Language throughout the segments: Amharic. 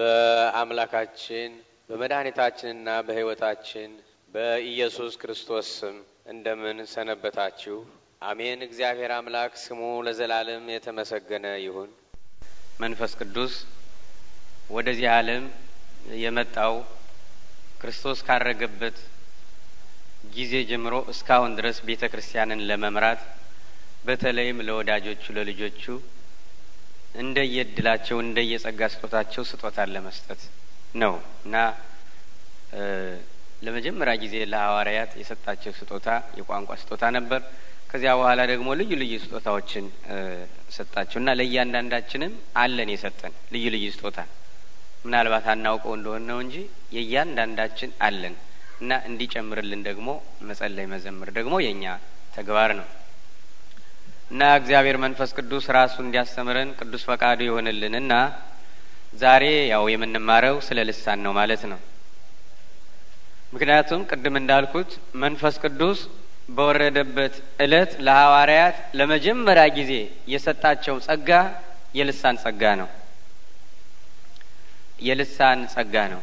በአምላካችን በመድኃኒታችንና በሕይወታችን በኢየሱስ ክርስቶስ ስም እንደምን ሰነበታችሁ? አሜን። እግዚአብሔር አምላክ ስሙ ለዘላለም የተመሰገነ ይሁን። መንፈስ ቅዱስ ወደዚህ ዓለም የመጣው ክርስቶስ ካረገበት ጊዜ ጀምሮ እስካሁን ድረስ ቤተ ክርስቲያንን ለመምራት በተለይም ለወዳጆቹ ለልጆቹ እንደየእድላቸው እንደየጸጋ ስጦታቸው ስጦታን ለመስጠት ነው እና ለመጀመሪያ ጊዜ ለሐዋርያት የሰጣቸው ስጦታ የቋንቋ ስጦታ ነበር። ከዚያ በኋላ ደግሞ ልዩ ልዩ ስጦታዎችን ሰጣቸው እና ለእያንዳንዳችንም አለን የሰጠን ልዩ ልዩ ስጦታ ምናልባት አናውቀው እንደሆን ነው እንጂ የእያንዳንዳችን አለን እና እንዲጨምርልን ደግሞ መጸለይ መዘምር ደግሞ የእኛ ተግባር ነው። እና እግዚአብሔር መንፈስ ቅዱስ ራሱ እንዲያስተምረን ቅዱስ ፈቃዱ ይሆንልን እና ዛሬ ያው የምንማረው ስለ ልሳን ነው ማለት ነው። ምክንያቱም ቅድም እንዳልኩት መንፈስ ቅዱስ በወረደበት እለት ለሐዋርያት ለመጀመሪያ ጊዜ የሰጣቸው ጸጋ የልሳን ጸጋ ነው። የልሳን ጸጋ ነው።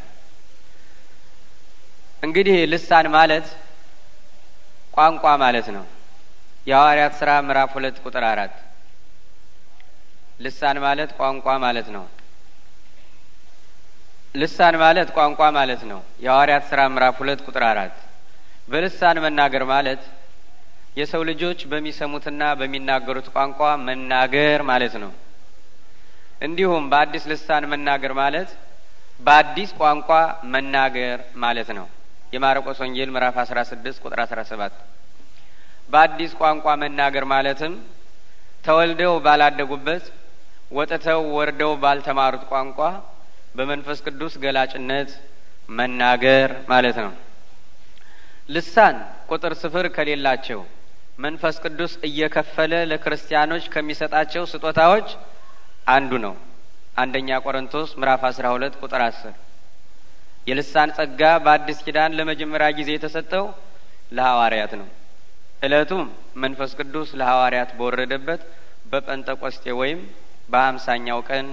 እንግዲህ ልሳን ማለት ቋንቋ ማለት ነው። የሐዋርያት ሥራ ምዕራፍ ሁለት ቁጥር አራት ልሳን ማለት ቋንቋ ማለት ነው። ልሳን ማለት ቋንቋ ማለት ነው። የሐዋርያት ሥራ ምዕራፍ ሁለት ቁጥር አራት በልሳን መናገር ማለት የሰው ልጆች በሚሰሙትና በሚናገሩት ቋንቋ መናገር ማለት ነው። እንዲሁም በአዲስ ልሳን መናገር ማለት በአዲስ ቋንቋ መናገር ማለት ነው። የማርቆስ ወንጌል ምዕራፍ አስራ ስድስት ቁጥር አስራ ሰባት በአዲስ ቋንቋ መናገር ማለትም ተወልደው ባላደጉበት ወጥተው ወርደው ባልተማሩት ቋንቋ በመንፈስ ቅዱስ ገላጭነት መናገር ማለት ነው። ልሳን ቁጥር ስፍር ከሌላቸው መንፈስ ቅዱስ እየከፈለ ለክርስቲያኖች ከሚሰጣቸው ስጦታዎች አንዱ ነው። አንደኛ ቆሮንቶስ ምዕራፍ አስራ ሁለት ቁጥር አስር የልሳን ጸጋ በአዲስ ኪዳን ለመጀመሪያ ጊዜ የተሰጠው ለሐዋርያት ነው። እለቱም መንፈስ ቅዱስ ለሐዋርያት በወረደበት በጴንጠቆስቴ ወይም በሀምሳኛው ቀን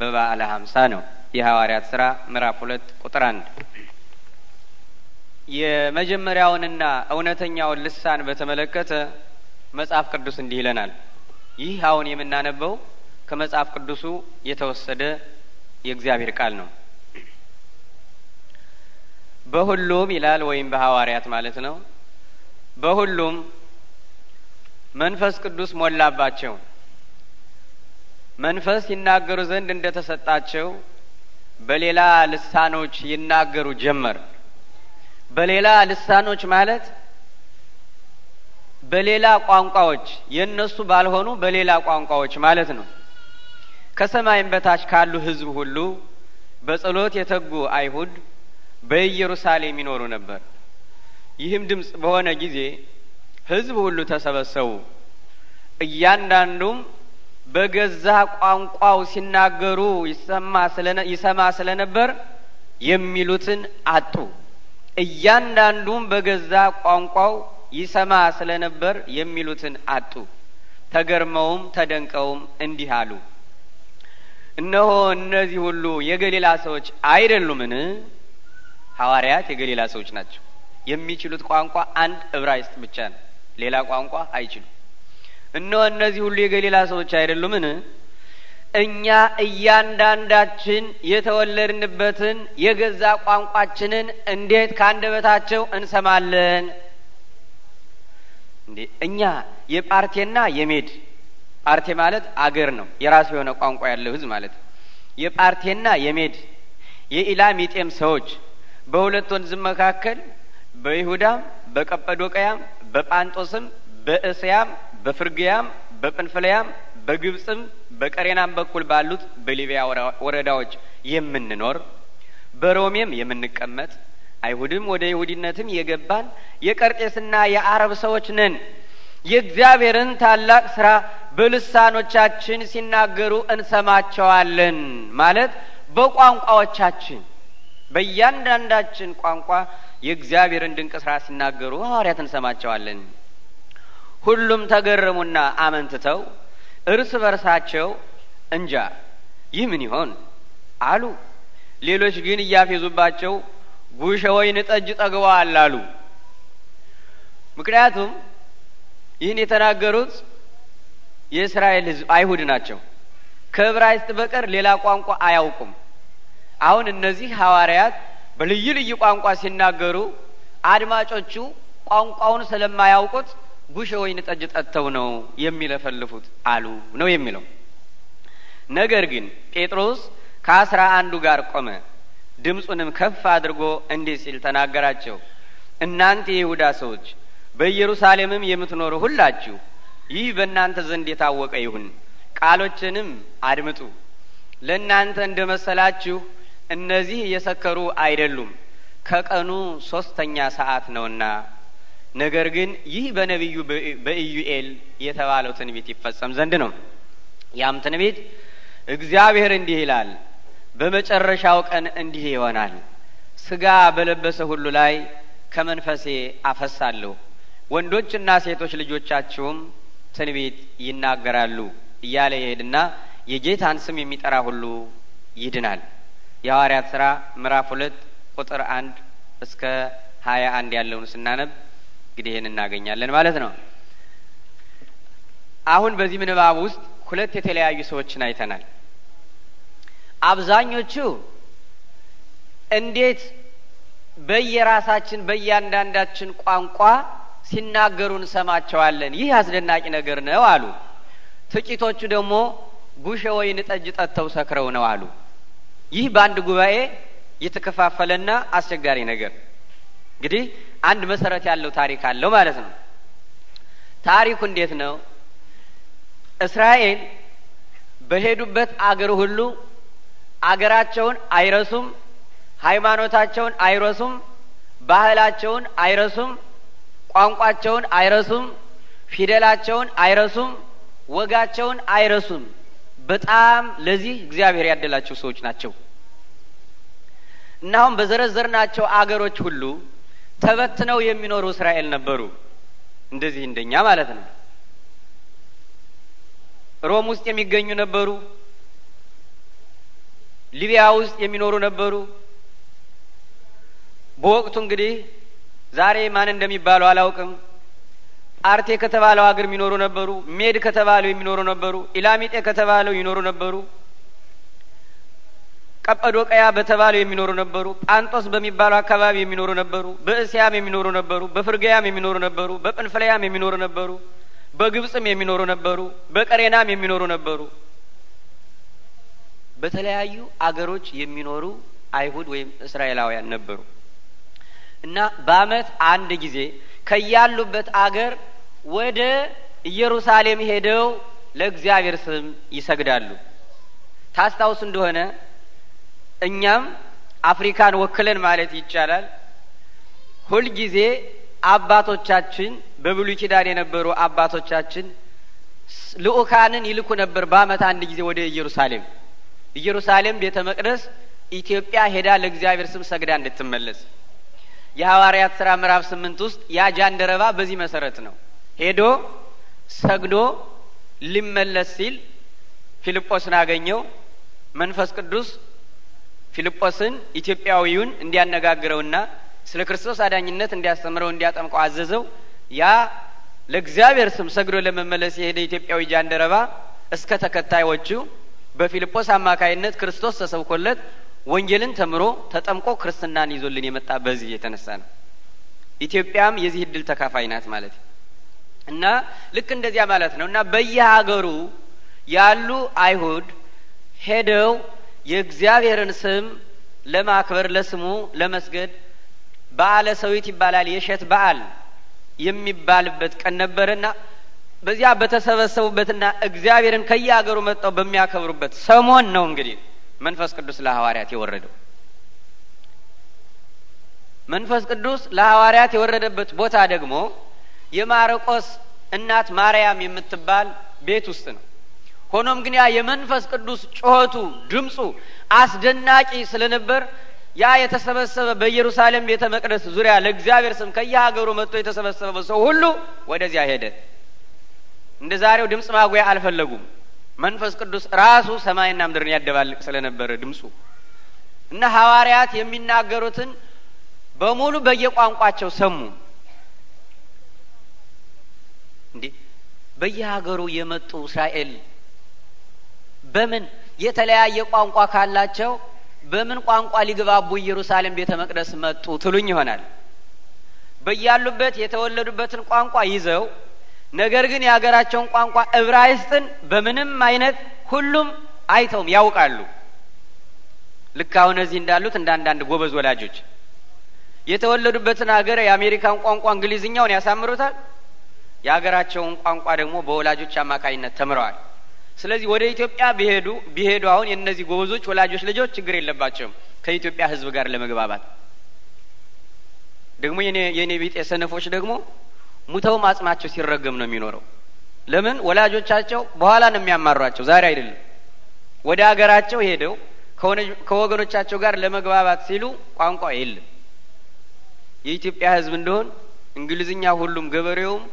በበዓለ ሀምሳ ነው። የሐዋርያት ስራ ምዕራፍ ሁለት ቁጥር አንድ የመጀመሪያውንና እውነተኛውን ልሳን በተመለከተ መጽሐፍ ቅዱስ እንዲህ ይለናል። ይህ አሁን የምናነበው ከመጽሐፍ ቅዱሱ የተወሰደ የእግዚአብሔር ቃል ነው። በሁሉም ይላል ወይም በሐዋርያት ማለት ነው። በሁሉም መንፈስ ቅዱስ ሞላባቸው፣ መንፈስ ይናገሩ ዘንድ እንደ ተሰጣቸው በሌላ ልሳኖች ይናገሩ ጀመር። በሌላ ልሳኖች ማለት በሌላ ቋንቋዎች የእነሱ ባልሆኑ በሌላ ቋንቋዎች ማለት ነው። ከሰማይም በታች ካሉ ሕዝብ ሁሉ በጸሎት የተጉ አይሁድ በኢየሩሳሌም ይኖሩ ነበር። ይህም ድምፅ በሆነ ጊዜ ህዝብ ሁሉ ተሰበሰቡ፣ እያንዳንዱም በገዛ ቋንቋው ሲናገሩ ይሰማ ስለነበር የሚሉትን አጡ። እያንዳንዱም በገዛ ቋንቋው ይሰማ ስለነበር የሚሉትን አጡ። ተገርመውም ተደንቀውም እንዲህ አሉ፣ እነሆ እነዚህ ሁሉ የገሊላ ሰዎች አይደሉምን? ሐዋርያት የገሊላ ሰዎች ናቸው። የሚችሉት ቋንቋ አንድ ዕብራይስጥ ብቻ ነው። ሌላ ቋንቋ አይችሉም። እነሆ እነዚህ ሁሉ የገሊላ ሰዎች አይደሉምን? እኛ እያንዳንዳችን የተወለድንበትን የገዛ ቋንቋችንን እንዴት በታቸው እንሰማለን? እንዴ እኛ የጳርቴና የሜድ ጳርቴ ማለት አገር ነው። የራሱ የሆነ ቋንቋ ያለው ህዝብ ማለት ነው። የጳርቴና የሜድ የኢላም የጤም ሰዎች በሁለት ወንዝም መካከል በይሁዳም በቀጰዶቅያም በጳንጦስም በእስያም በፍርግያም በጵንፍልያም በግብፅም በቀሬናም በኩል ባሉት በሊቢያ ወረዳዎች የምንኖር በሮሜም የምንቀመጥ አይሁድም ወደ ይሁዲነትም የገባን የቀርጤስና የአረብ ሰዎች ነን። የእግዚአብሔርን ታላቅ ስራ በልሳኖቻችን ሲናገሩ እንሰማቸዋለን ማለት በቋንቋዎቻችን በእያንዳንዳችን ቋንቋ የእግዚአብሔርን ድንቅ ስራ ሲናገሩ ሐዋርያት እንሰማቸዋለን። ሁሉም ተገረሙና አመንትተው እርስ በርሳቸው እንጃ ይህ ምን ይሆን አሉ። ሌሎች ግን እያፌዙባቸው ጉሸ ወይን ጠጅ ጠግበዋል አሉ። ምክንያቱም ይህን የተናገሩት የእስራኤል ሕዝብ አይሁድ ናቸው። ከዕብራይስጥ በቀር ሌላ ቋንቋ አያውቁም። አሁን እነዚህ ሐዋርያት በልዩ ልዩ ቋንቋ ሲናገሩ አድማጮቹ ቋንቋውን ስለማያውቁት ጉሽ ወይን ጠጅ ጠጥተው ነው የሚለፈልፉት አሉ ነው የሚለው። ነገር ግን ጴጥሮስ ከአስራ አንዱ ጋር ቆመ፣ ድምፁንም ከፍ አድርጎ እንዲህ ሲል ተናገራቸው። እናንተ የይሁዳ ሰዎች በኢየሩሳሌምም የምትኖሩ ሁላችሁ ይህ በእናንተ ዘንድ የታወቀ ይሁን፣ ቃሎችንም አድምጡ። ለእናንተ እንደ መሰላችሁ እነዚህ እየሰከሩ አይደሉም ከቀኑ ሶስተኛ ሰዓት ነውና። ነገር ግን ይህ በነቢዩ በኢዩኤል የተባለው ትንቢት ይፈጸም ዘንድ ነው። ያም ትንቢት እግዚአብሔር እንዲህ ይላል፣ በመጨረሻው ቀን እንዲህ ይሆናል፣ ስጋ በለበሰ ሁሉ ላይ ከመንፈሴ አፈሳለሁ፣ ወንዶችና ሴቶች ልጆቻችሁም ትንቢት ይናገራሉ እያለ ይሄድና የጌታን ስም የሚጠራ ሁሉ ይድናል። የሐዋርያት ስራ ምዕራፍ ሁለት ቁጥር አንድ እስከ ሀያ አንድ ያለውን ስናነብ እንግዲህ ይህን እናገኛለን ማለት ነው። አሁን በዚህ ምንባብ ውስጥ ሁለት የተለያዩ ሰዎችን አይተናል። አብዛኞቹ እንዴት በየራሳችን በእያንዳንዳችን ቋንቋ ሲናገሩ እንሰማቸዋለን፣ ይህ አስደናቂ ነገር ነው አሉ። ጥቂቶቹ ደግሞ ጉሸ ወይን ጠጅ ጠጥተው ሰክረው ነው አሉ። ይህ በአንድ ጉባኤ የተከፋፈለና አስቸጋሪ ነገር እንግዲህ አንድ መሰረት ያለው ታሪክ አለው ማለት ነው። ታሪኩ እንዴት ነው? እስራኤል በሄዱበት አገር ሁሉ አገራቸውን አይረሱም፣ ሃይማኖታቸውን አይረሱም፣ ባህላቸውን አይረሱም፣ ቋንቋቸውን አይረሱም፣ ፊደላቸውን አይረሱም፣ ወጋቸውን አይረሱም በጣም ለዚህ እግዚአብሔር ያደላቸው ሰዎች ናቸው እና አሁን በዘረዘርናቸው አገሮች ሁሉ ተበትነው የሚኖሩ እስራኤል ነበሩ። እንደዚህ እንደኛ ማለት ነው። ሮም ውስጥ የሚገኙ ነበሩ። ሊቢያ ውስጥ የሚኖሩ ነበሩ። በወቅቱ እንግዲህ ዛሬ ማን እንደሚባሉ አላውቅም። አርቴ ከተባለው ሀገር የሚኖሩ ነበሩ። ሜድ ከተባለው የሚኖሩ ነበሩ። ኢላሚጤ ከተባለው ይኖሩ ነበሩ። ቀጰዶቅያ በተባለው የሚኖሩ ነበሩ። ጳንጦስ በሚባለው አካባቢ የሚኖሩ ነበሩ። በእስያም የሚኖሩ ነበሩ። በፍርገያም የሚኖሩ ነበሩ። በጵንፍልያም የሚኖሩ ነበሩ። በግብጽም የሚኖሩ ነበሩ። በቀሬናም የሚኖሩ ነበሩ። በተለያዩ አገሮች የሚኖሩ አይሁድ ወይም እስራኤላውያን ነበሩ እና በአመት አንድ ጊዜ ከያሉበት አገር ወደ ኢየሩሳሌም ሄደው ለእግዚአብሔር ስም ይሰግዳሉ። ታስታውስ እንደሆነ እኛም አፍሪካን ወክለን ማለት ይቻላል ሁልጊዜ አባቶቻችን በብሉይ ኪዳን የነበሩ አባቶቻችን ልኡካንን ይልኩ ነበር በአመት አንድ ጊዜ ወደ ኢየሩሳሌም። ኢየሩሳሌም ቤተ መቅደስ ኢትዮጵያ ሄዳ ለእግዚአብሔር ስም ሰግዳ እንድትመለስ የሐዋርያት ሥራ ምዕራፍ ስምንት ውስጥ ያ ጃንደረባ በዚህ መሰረት ነው። ሄዶ ሰግዶ ሊመለስ ሲል ፊልጶስን አገኘው። መንፈስ ቅዱስ ፊልጶስን ኢትዮጵያዊውን እንዲያነጋግረውና ስለ ክርስቶስ አዳኝነት እንዲያስተምረው እንዲያጠምቀው አዘዘው። ያ ለእግዚአብሔር ስም ሰግዶ ለመመለስ የሄደ ኢትዮጵያዊ ጃንደረባ እስከ ተከታዮቹ በፊልጶስ አማካይነት ክርስቶስ ተሰብኮለት ወንጀልን ተምሮ ተጠምቆ ክርስትናን ይዞልን የመጣ በዚህ የተነሳ ነው። ኢትዮጵያም የዚህ እድል ተካፋይ ናት ማለት ነው። እና ልክ እንደዚያ ማለት ነው እና በየሀገሩ ያሉ አይሁድ ሄደው የእግዚአብሔርን ስም ለማክበር ለስሙ ለመስገድ በዓለ ሰዊት ይባላል የሸት በዓል የሚባልበት ቀን ነበርና በዚያ በተሰበሰቡበትና እግዚአብሔርን ከየሀገሩ መጥተው በሚያከብሩበት ሰሞን ነው እንግዲህ መንፈስ ቅዱስ ለሐዋርያት የወረደው። መንፈስ ቅዱስ ለሐዋርያት የወረደበት ቦታ ደግሞ የማርቆስ እናት ማርያም የምትባል ቤት ውስጥ ነው። ሆኖም ግን ያ የመንፈስ ቅዱስ ጩኸቱ፣ ድምፁ አስደናቂ ስለነበር ያ የተሰበሰበ በኢየሩሳሌም ቤተ መቅደስ ዙሪያ ለእግዚአብሔር ስም ከየሀገሩ መጥቶ የተሰበሰበ ሰው ሁሉ ወደዚያ ሄደ። እንደ ዛሬው ድምፅ ማጉያ አልፈለጉም። መንፈስ ቅዱስ ራሱ ሰማይና ምድርን ያደባልቅ ስለነበረ ድምፁ እና ሐዋርያት የሚናገሩትን በሙሉ በየቋንቋቸው ሰሙ። እንዴ በየሀገሩ የመጡ እስራኤል በምን የተለያየ ቋንቋ ካላቸው በምን ቋንቋ ሊግባቡ ኢየሩሳሌም ቤተ መቅደስ መጡ ትሉኝ ይሆናል። በያሉበት የተወለዱበትን ቋንቋ ይዘው ነገር ግን የሀገራቸውን ቋንቋ እብራይስጥን በምንም አይነት ሁሉም አይተውም ያውቃሉ። ልክ አሁን እዚህ እንዳሉት እንደ አንዳንድ ጎበዝ ወላጆች የተወለዱበትን ሀገር የአሜሪካን ቋንቋ እንግሊዝኛውን ያሳምሩታል። የሀገራቸውን ቋንቋ ደግሞ በወላጆች አማካኝነት ተምረዋል። ስለዚህ ወደ ኢትዮጵያ ቢሄዱ ቢሄዱ አሁን የእነዚህ ጎበዞች ወላጆች ልጆች ችግር የለባቸውም ከኢትዮጵያ ሕዝብ ጋር ለመግባባት ደግሞ የኔ ቢጤ ሰነፎች ደግሞ ሙተውም አጽማቸው ሲረገም ነው የሚኖረው። ለምን ወላጆቻቸው በኋላ ነው የሚያማሯቸው፣ ዛሬ አይደለም። ወደ ሀገራቸው ሄደው ከወገኖቻቸው ጋር ለመግባባት ሲሉ ቋንቋ የለም። የኢትዮጵያ ሕዝብ እንደሆን እንግሊዝኛ ሁሉም ገበሬውም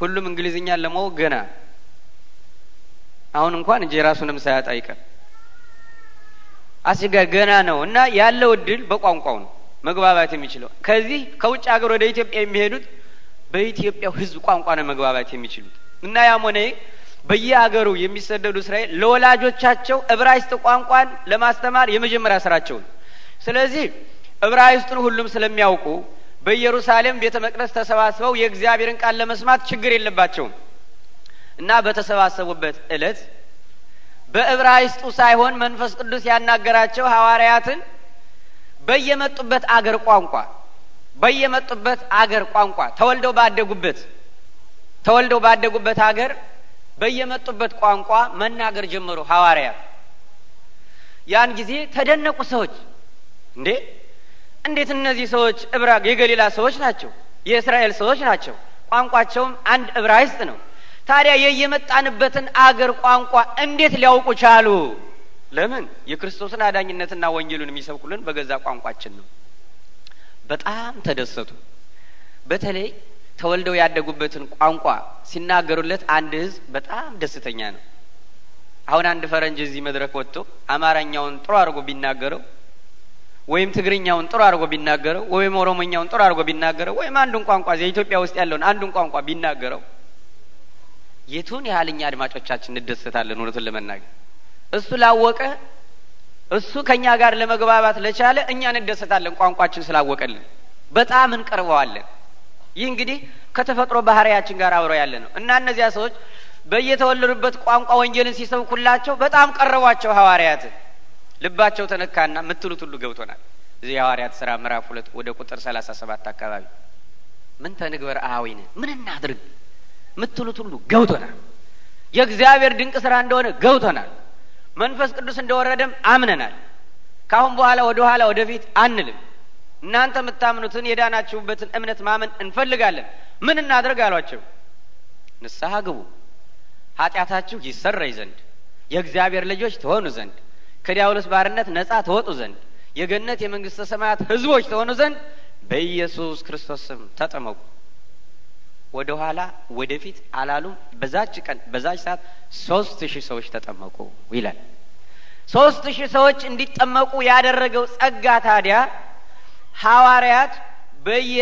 ሁሉም እንግሊዝኛን ለማወቅ ገና አሁን እንኳን እንጂ የራሱንም ሳያጣ ይቀር አስቸጋ ገና ነው እና ያለው እድል በቋንቋው ነው መግባባት የሚችለው። ከዚህ ከውጭ ሀገር ወደ ኢትዮጵያ የሚሄዱት በኢትዮጵያው ህዝብ ቋንቋ ነው መግባባት የሚችሉት እና ያም ሆነ በየሀገሩ የሚሰደዱ እስራኤል ለወላጆቻቸው እብራይስጥ ቋንቋን ለማስተማር የመጀመሪያ ስራቸው ነው። ስለዚህ እብራይስጥን ሁሉም ስለሚያውቁ በኢየሩሳሌም ቤተ መቅደስ ተሰባስበው የእግዚአብሔርን ቃል ለመስማት ችግር የለባቸውም እና በተሰባሰቡበት እለት በእብራይስጡ ሳይሆን መንፈስ ቅዱስ ያናገራቸው ሐዋርያትን በየመጡበት አገር ቋንቋ በየመጡበት አገር ቋንቋ ተወልደው ባደጉበት ተወልደው ባደጉበት አገር በየመጡበት ቋንቋ መናገር ጀመሩ ሐዋርያት። ያን ጊዜ ተደነቁ ሰዎች። እንዴ እንዴት እነዚህ ሰዎች እብራ የገሊላ ሰዎች ናቸው፣ የእስራኤል ሰዎች ናቸው። ቋንቋቸውም አንድ እብራይስጥ ነው። ታዲያ የየመጣንበትን አገር ቋንቋ እንዴት ሊያውቁ ቻሉ? ለምን? የክርስቶስን አዳኝነትና ወንጌሉን የሚሰብኩልን በገዛ ቋንቋችን ነው። በጣም ተደሰቱ። በተለይ ተወልደው ያደጉበትን ቋንቋ ሲናገሩለት አንድ ህዝብ በጣም ደስተኛ ነው። አሁን አንድ ፈረንጅ እዚህ መድረክ ወጥቶ አማርኛውን ጥሩ አድርጎ ቢናገረው ወይም ትግርኛውን ጥሩ አድርጎ ቢናገረው ወይም ኦሮሞኛውን ጥሩ አድርጎ ቢናገረው ወይም አንዱን ቋንቋ የኢትዮጵያ ውስጥ ያለውን አንዱን ቋንቋ ቢናገረው የቱን ያህል እኛ አድማጮቻችን እንደሰታለን። እውነቱን ለመናገር እሱ ላወቀ እሱ ከእኛ ጋር ለመግባባት ለቻለ እኛ እንደሰታለን። ቋንቋችን ስላወቀልን በጣም እንቀርበዋለን። ይህ እንግዲህ ከተፈጥሮ ባህሪያችን ጋር አብሮ ያለ ነው እና እነዚያ ሰዎች በየተወለዱበት ቋንቋ ወንጌልን ሲሰብኩላቸው በጣም ቀረቧቸው ሐዋርያትን ልባቸው ተነካና ምትሉት ሁሉ ገብቶናል። እዚህ የሐዋርያት ስራ ምዕራፍ ሁለት ወደ ቁጥር ሰላሳ ሰባት አካባቢ ምን ተንግበር አሃዊነ ምን እናድርግ ምትሉት ሁሉ ገብቶናል። የእግዚአብሔር ድንቅ ስራ እንደሆነ ገብቶናል። መንፈስ ቅዱስ እንደወረደም አምነናል። ካአሁን በኋላ ወደ ኋላ ወደፊት አንልም። እናንተ የምታምኑትን የዳናችሁበትን እምነት ማመን እንፈልጋለን። ምን እናድርግ አሏቸው። ንስሐ ግቡ ኃጢአታችሁ ይሰረይ ዘንድ የእግዚአብሔር ልጆች ትሆኑ ዘንድ ከዲያብሎስ ባርነት ነጻ ተወጡ ዘንድ የገነት የመንግስተ ሰማያት ህዝቦች ተሆኑ ዘንድ በኢየሱስ ክርስቶስ ስም ተጠመቁ። ወደ ኋላ ወደፊት አላሉም። በዛች ቀን በዛች ሰዓት ሶስት ሺህ ሰዎች ተጠመቁ ይላል። ሶስት ሺህ ሰዎች እንዲጠመቁ ያደረገው ጸጋ ታዲያ ሐዋርያት በየ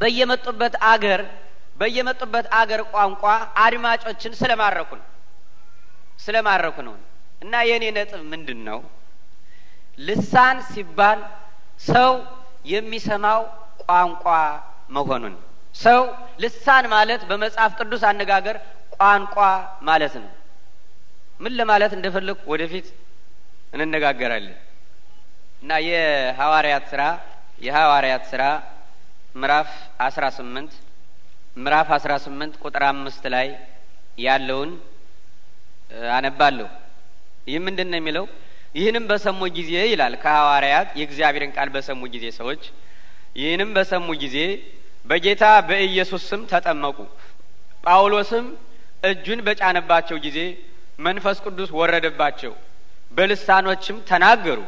በየመጡበት አገር በየመጡበት አገር ቋንቋ አድማጮችን ስለማረኩ ነው ስለማረኩ ነው። እና የእኔ ነጥብ ምንድን ነው? ልሳን ሲባል ሰው የሚሰማው ቋንቋ መሆኑን ሰው ልሳን ማለት በመጽሐፍ ቅዱስ አነጋገር ቋንቋ ማለት ነው። ምን ለማለት እንደፈለግ ወደፊት እንነጋገራለን እና የሐዋርያት ስራ የሐዋርያት ስራ ምዕራፍ አስራ ስምንት ምዕራፍ አስራ ስምንት ቁጥር አምስት ላይ ያለውን አነባለሁ። ይህ ምንድን ነው የሚለው? ይህንም በሰሙ ጊዜ ይላል ከሐዋርያት የእግዚአብሔርን ቃል በሰሙ ጊዜ ሰዎች ይህንም በሰሙ ጊዜ በጌታ በኢየሱስ ስም ተጠመቁ። ጳውሎስም እጁን በጫነባቸው ጊዜ መንፈስ ቅዱስ ወረደባቸው፣ በልሳኖችም ተናገሩ፣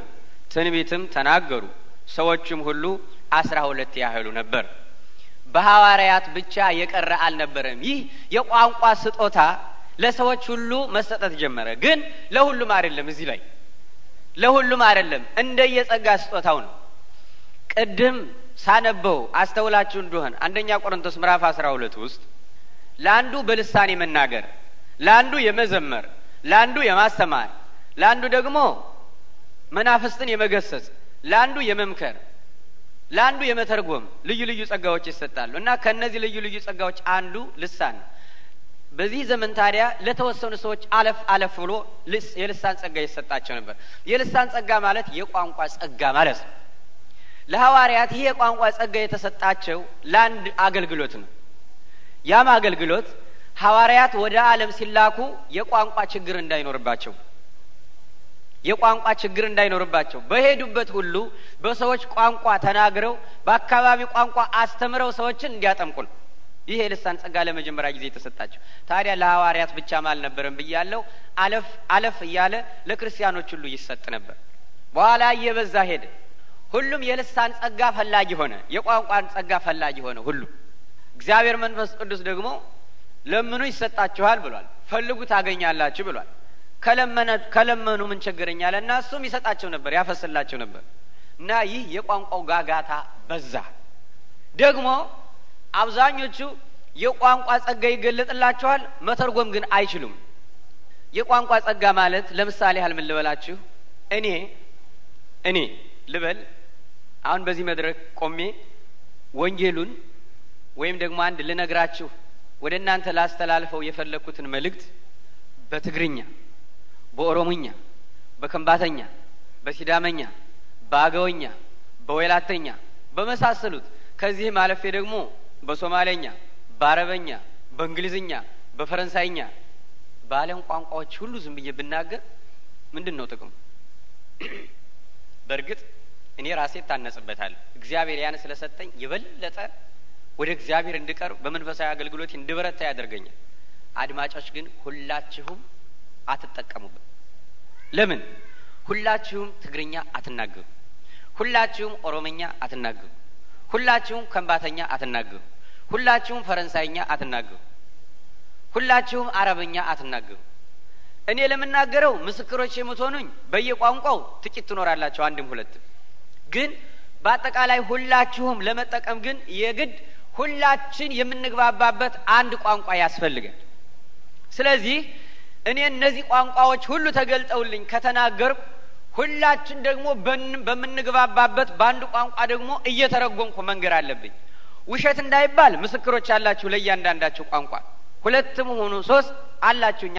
ትንቢትም ተናገሩ። ሰዎችም ሁሉ አስራ ሁለት ያህሉ ነበር። በሐዋርያት ብቻ የቀረ አልነበረም። ይህ የቋንቋ ስጦታ ለሰዎች ሁሉ መሰጠት ጀመረ። ግን ለሁሉም አይደለም። እዚህ ላይ ለሁሉም አይደለም፣ እንደ የጸጋ ስጦታው ነው። ቅድም ሳነበው አስተውላችሁ እንደሆን አንደኛ ቆሮንቶስ ምዕራፍ አስራ ሁለት ውስጥ ለአንዱ በልሳን የመናገር ለአንዱ የመዘመር ለአንዱ የማስተማር ለአንዱ ደግሞ መናፍስትን የመገሰጽ ለአንዱ የመምከር ለአንዱ የመተርጎም ልዩ ልዩ ጸጋዎች ይሰጣሉ እና ከእነዚህ ልዩ ልዩ ጸጋዎች አንዱ ልሳን ነው። በዚህ ዘመን ታዲያ ለተወሰኑ ሰዎች አለፍ አለፍ ብሎ የልሳን ጸጋ ይሰጣቸው ነበር። የልሳን ጸጋ ማለት የቋንቋ ጸጋ ማለት ነው። ለሐዋርያት ይህ የቋንቋ ጸጋ የተሰጣቸው ለአንድ አገልግሎት ነው። ያም አገልግሎት ሐዋርያት ወደ ዓለም ሲላኩ የቋንቋ ችግር እንዳይኖርባቸው የቋንቋ ችግር እንዳይኖርባቸው በሄዱበት ሁሉ በሰዎች ቋንቋ ተናግረው በአካባቢ ቋንቋ አስተምረው ሰዎችን እንዲያጠምቁ ነው። ይህ የልሳን ጸጋ ለመጀመሪያ ጊዜ የተሰጣቸው ታዲያ ለሐዋርያት ብቻም አልነበረም ብያለው። አለፍ አለፍ እያለ ለክርስቲያኖች ሁሉ ይሰጥ ነበር። በኋላ እየበዛ ሄደ። ሁሉም የልሳን ጸጋ ፈላጊ ሆነ፣ የቋንቋን ጸጋ ፈላጊ ሆነ። ሁሉ እግዚአብሔር መንፈስ ቅዱስ ደግሞ ለምኑ ይሰጣችኋል ብሏል፣ ፈልጉ ታገኛላችሁ ብሏል። ከለመኑ ምን ቸገረኛል እና እሱም ይሰጣቸው ነበር፣ ያፈስላቸው ነበር እና ይህ የቋንቋው ጋጋታ በዛ ደግሞ አብዛኞቹ የቋንቋ ጸጋ ይገለጥላቸዋል፣ መተርጎም ግን አይችሉም። የቋንቋ ጸጋ ማለት ለምሳሌ ያህል ምን ልበላችሁ፣ እኔ እኔ ልበል አሁን በዚህ መድረክ ቆሜ ወንጌሉን ወይም ደግሞ አንድ ልነግራችሁ ወደ እናንተ ላስተላልፈው የፈለግኩትን መልእክት በትግርኛ፣ በኦሮሞኛ፣ በከንባተኛ በሲዳመኛ፣ በአገወኛ፣ በወይላተኛ በመሳሰሉት ከዚህም አለፌ ደግሞ በሶማሌኛ፣ በአረበኛ፣ በእንግሊዝኛ፣ በፈረንሳይኛ በዓለም ቋንቋዎች ሁሉ ዝም ብዬ ብናገር ምንድን ነው ጥቅሙ? በእርግጥ እኔ ራሴ ታነጽበታለሁ። እግዚአብሔር ያን ስለሰጠኝ የበለጠ ወደ እግዚአብሔር እንድቀርብ በመንፈሳዊ አገልግሎት እንድበረታ ያደርገኛል። አድማጮች ግን ሁላችሁም አትጠቀሙበት። ለምን? ሁላችሁም ትግርኛ አትናገሩ፣ ሁላችሁም ኦሮምኛ አትናገሩ፣ ሁላችሁም ከንባተኛ አትናገሩ። ሁላችሁም ፈረንሳይኛ አትናገሩ፣ ሁላችሁም አረብኛ አትናገሩ። እኔ ለምናገረው ምስክሮች የምትሆኑኝ በየቋንቋው ጥቂት ትኖራላችሁ፣ አንድም ሁለትም። ግን በአጠቃላይ ሁላችሁም ለመጠቀም ግን የግድ ሁላችን የምንግባባበት አንድ ቋንቋ ያስፈልጋል። ስለዚህ እኔ እነዚህ ቋንቋዎች ሁሉ ተገልጠውልኝ ከተናገርኩ ሁላችን ደግሞ በምንግባባበት በአንድ ቋንቋ ደግሞ እየተረጎምኩ መንገር አለብኝ። ውሸት እንዳይባል ምስክሮች አላችሁ ለእያንዳንዳችሁ ቋንቋ ሁለትም ሆኑ ሶስት አላችሁ።